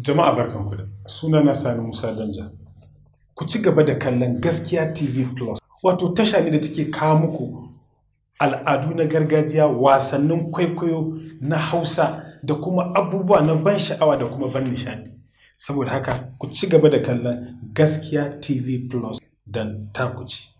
Jama'a barkanku da suna na Sani Musa Danja. Ku ci gaba da kallon Gaskiya TV Plus, wato tasha ne da take kawo muku al'adu na gargajiya, wasannin kwaikwayo na Hausa da kuma abubuwa na ban sha'awa da kuma ban nishadi. Saboda haka ku ci gaba da kallon Gaskiya TV Plus ta ku ci.